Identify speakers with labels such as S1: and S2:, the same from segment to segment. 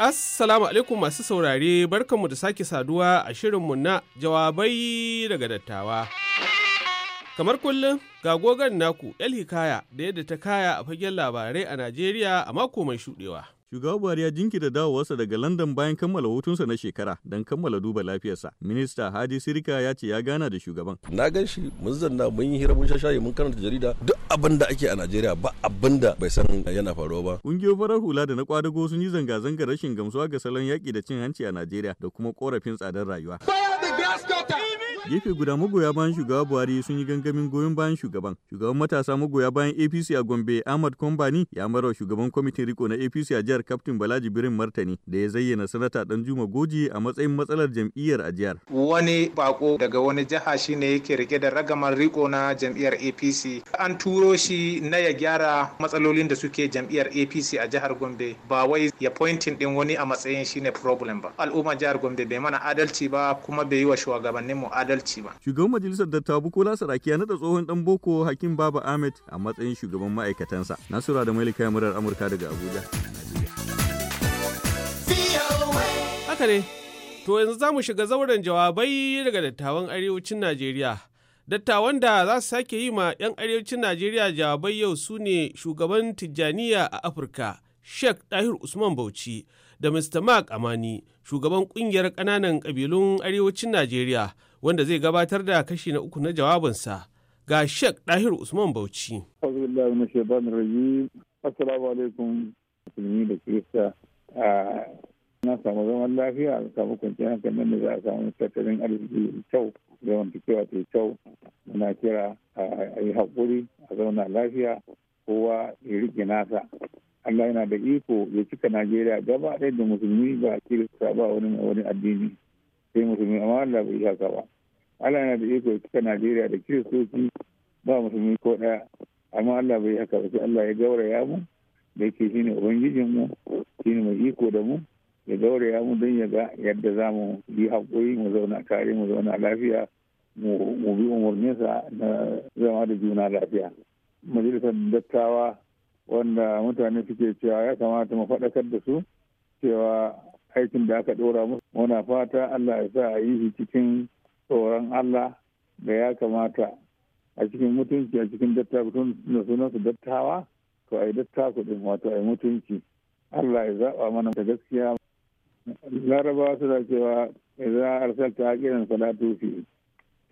S1: Assalamu alaikum masu saurare barkanmu da sake saduwa a shirinmu na jawabai daga dattawa. Kamar kullum ga gogon naku El Hikaya da yadda ta kaya a fagen labarai a Najeriya a mako mai shuɗewa.
S2: Shugaba Buhari ya jinkirta dawowarsa daga London bayan kammala hutunsa na shekara don kammala duba lafiyarsa. Minista Hadi Sirika ya ce ya gana da shugaban. Na gan shi mun zanna mun yi hira mun shashaye mun karanta jarida duk abin da ake a Najeriya ba abin da bai san yana faruwa ba. Kungiyoyin farar hula da na kwadago sun yi zanga-zangar rashin gamsuwa ga salon yaƙi da cin hanci a Najeriya da kuma korafin tsadar rayuwa. Fire the gas cutter! gefe guda magoya bayan shugaba buhari sun yi gangamin goyon bayan shugaban shugaban matasa magoya bayan apc a gombe ahmad kombani ya mara shugaban kwamitin riko na apc a jihar kaftin balaji birin martani da ya zayyana sanata danjuma goji a matsayin matsalar jam'iyyar a jihar wani bako daga wani jiha shine
S1: yake rike da ragamar riko na jam'iyyar apc an turo shi na ya gyara matsalolin da suke jam'iyyar apc a jihar gombe ba wai ya pointing din wani a matsayin shine problem ba al'umma jihar gombe bai mana adalci ba kuma bai yi wa shugabanninmu adalci adalci ba.
S2: Shugaban majalisar dattawa Bukola Saraki ya nada tsohon dan boko Hakim Baba Ahmed a matsayin shugaban ma'aikatansa. Nasura da Malika murar Amurka daga Abuja.
S1: Haka ne, to yanzu za mu shiga zauren jawabai daga dattawan arewacin Najeriya. Dattawan da za su sake yi ma 'yan arewacin Najeriya jawabai yau su ne shugaban Tijjaniya a Afirka, Sheikh Dahir Usman Bauchi. da Mr. Mark Amani, shugaban kungiyar ƙananan kabilun Arewacin Najeriya, wanda zai gabatar da kashi na uku na jawabinsa ga Sheikh Dahir Usman Bauchi.
S3: Assalamu alaikum musulmi da Kirista. Na samu zaman lafiya a samu kwanciyar hankalin da za a samu tattalin arziki kyau zaman fitowa ta kyau muna kira a yi haƙuri a zauna lafiya kowa ya rike nasa. Allah yana da iko ya cika Najeriya gaba ɗaya da musulmi ba Kirista ba wani wani addini. sai musulmi amma Allah bai haka ba Allah yana da iko ta Najeriya da kiristoci ba musulmi ko ɗaya amma Allah bai haka ba sai Allah ya gauraya mu da yake shine ubangijin mu shine mai iko da mu ya gauraya mu don ya ga yadda za mu yi haƙuri mu zauna tare mu zauna lafiya mu bi umarninsa na zama da juna lafiya majalisar dattawa wanda mutane suke cewa ya kamata mu faɗakar da su cewa aikin da aka ɗora musu muna fata allah ya sa a yi shi cikin tsoron allah da ya kamata a cikin mutunci a cikin dattakutun da sunansu dattawa to a yi dattawa din wato a yi mutunci allah ya zaɓa mana ta gaskiya su da cewa idan arsalta haƙinan salatu fi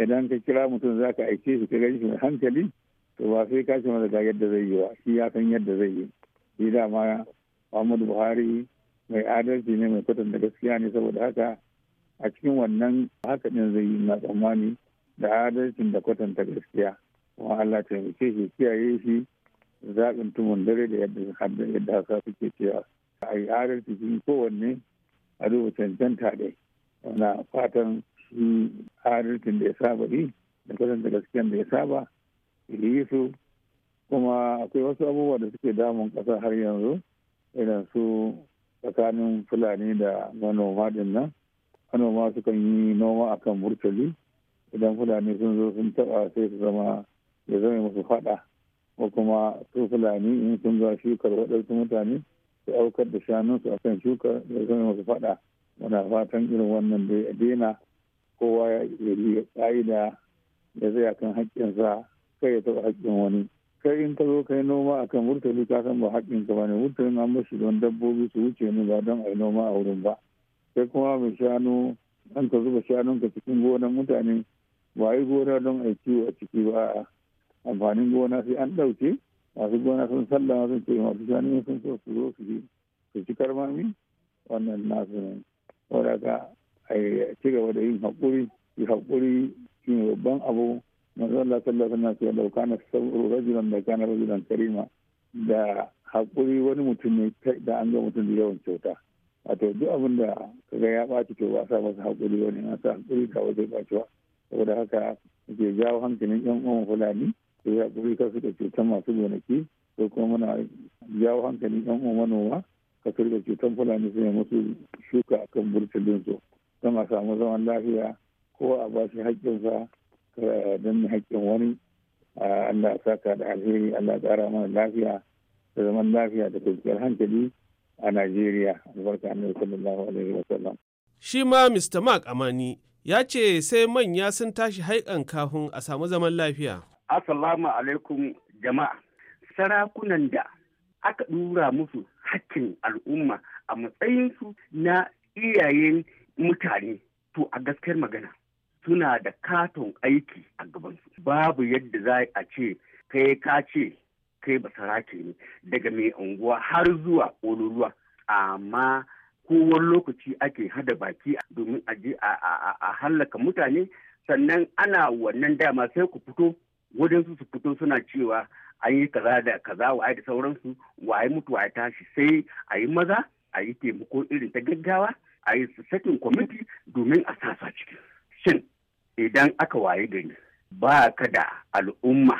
S3: idan ka kira mutum za ka aike shi ka gani shi hankali to ba sai ka ce masa ga yadda zai yi ba shi ya san yadda zai yi shi dama muhammadu buhari mai adalci ne mai kwatanta gaskiya ne saboda haka a cikin wannan haka ɗin zai yi na tsammani da adalcin da kwatanta gaskiya kuma Allah ta taimake shi kiyaye shi zaɓin tumun dare da yadda yadda haka suke cewa a yi adalci cikin kowanne a duba cancanta dai wana fatan shi adalcin da ya saba yi da kwatanta gaskiya da ya saba yi su kuma akwai wasu abubuwa da suke damun ƙasa har yanzu irin su tsakanin fulani da manoma din nan manoma sukan yi noma akan murtali idan fulani sun zo sun taba sai su zama ya zama musu fada ko kuma su fulani in sun ga shukar waɗansu mutane su aukar da shanunsu akan shukar ya zama musu fada muna fatan irin wannan da ya daina kowa ya yi ƙa'ida ya zai kan haƙƙinsa kai ya taɓa haƙƙin wani kai in ka zo kai noma akan murtali ka san ba haƙƙin ka bane murtalin an mashi don dabbobi su wuce ne ba don a yi noma a wurin ba sai kuma mai shanu an ka zuba shanun ka cikin gonan mutane ba yi gona don a kiwo a ciki ba amfanin gona sai an ɗauke masu gona sun sallama sun ce masu shanu sun so su zo su yi su ci karmami wannan nasu ne ka a ci gaba da yin haƙuri yi haƙuri shi babban abu manzo Allah sallallahu alaihi wasallam ya lau kana rajulan da kana rajulan karima da hakuri wani mutum ne da an ga mutum da yawan kyauta wato duk abin da kaga ya ɓaci to ba sa masa hakuri wani na sa hakuri da wajen ɓacewa saboda haka ke jawo hankalin yan uwan fulani su ya hakuri ka su da cutan masu gonaki ko kuma muna jawo hankalin yan uwan manoma ka su da cutar fulani su ne musu shuka akan burtulin su don a samu zaman lafiya ko a ba shi haƙƙinsa don haƙƙin wani Allah saka da alheri Allah ƙara mana lafiya da zaman lafiya da kwanciyar hankali a Najeriya albarka annabi sallallahu alaihi wa sallam
S1: shi ma Mr Mark Amani ya ce sai manya sun tashi haikan kafin
S2: a samu zaman lafiya Assalamu alaikum jama'a sarakunan da aka dura musu hakkin al'umma a matsayinsu na iyayen mutane to a gaskiyar magana suna da katon aiki a gabansu babu yadda za a ce kai ka ce kai ba basarake ne daga mai unguwa har zuwa ƙololuwa amma kowar lokaci ake hada baki domin a je a hallaka mutane sannan ana wannan dama sai ku fito wadansu su fito suna cewa an yi kaza da kaza wa da sauransu waye mutu waye tashi sai a yi maza a yi taimako irin ta gaggawa a yi sakin kwamiti domin a sasa cikin shin idan aka wayi gari ba ka da al'umma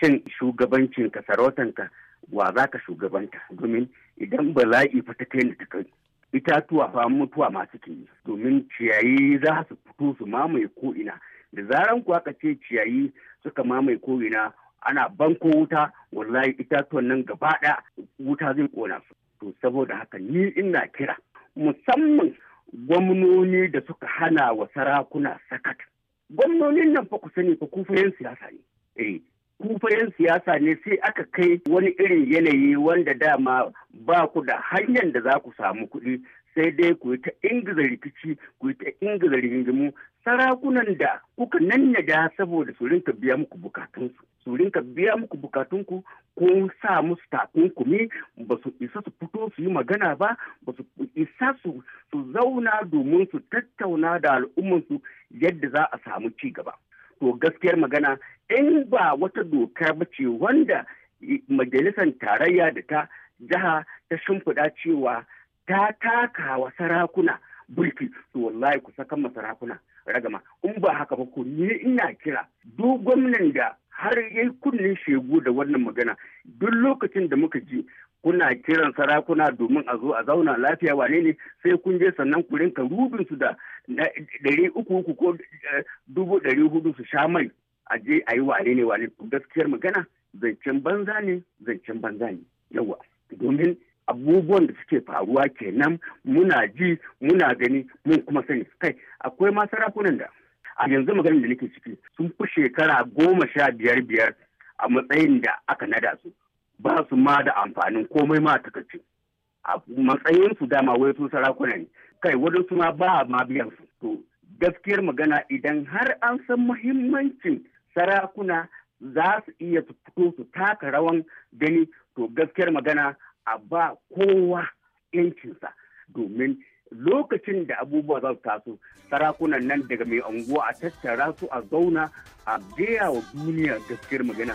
S2: shugabancin shugabancinka sarautanka wa za ka shugabanta domin idan bala'i fa ta kai ta kai itatuwa fa mutuwa masu kinyi domin ciyayi za su fito su mamaye ko'ina da zaran kuwa ka ce ciyayi suka mamaye ko'ina ana banko wuta wallahi itatuwan nan gaba wuta zai ƙona su to saboda haka ni ina kira musamman gwamnoni da suka hana wa sarakuna sakat gwamnonin nan fa ku sani fa kufayen siyasa ne eh kufayen siyasa ne sai aka kai wani irin yanayi wanda dama ba ku da hanyar da za ku samu kuɗi sai dai ku yi ta ingiza rikici ku yi ta ingiza rigingimu sarakunan da kuka nannada saboda su rinka biya muku bukatunsu su rinka biya muku bukatunku ko sa musu takunkumi ba su isa su fito su yi magana ba ba su isa su zauna domin su tattauna da al'ummansu yadda za a samu ci gaba to gaskiyar magana in ba wata doka ba ce wanda majalisar tarayya da ta jiha ta shimfiɗa cewa ta taka wa sarakuna bulki to wallahi ku saka ma sarakuna ragama in ba haka ba ko ni ina kira duk gwamnan da har yayi kunnen shegu da wannan magana duk lokacin da muka ji kuna kiran sarakuna domin a zo a zauna lafiya wane ne sai kun je sannan ku rinka rubin su da ɗari uku uku ko eh, dubu ɗari hudu su sha mai a je a yi wane ne wane gaskiyar magana zancen banza ne zancen banza ne yawa domin abubuwan da suke faruwa kenan muna ji muna gani mun kuma sani kai akwai ma sarakunan da a yanzu maganin da nake ciki sun fi shekara goma sha biyar biyar a matsayin da aka nada su ba su ma da amfanin komai ma kace a matsayin su dama wai su sarakuna ne kai su ma ba ma biyan su to gaskiyar magana idan har an san muhimmancin sarakuna za su iya fito su taka rawan gani to gaskiyar magana a ba kowa yancinsa domin lokacin da abubuwa za su taso sarakunan nan daga mai unguwa a tattara su a zauna a gaya wa duniya gaskiyar magana.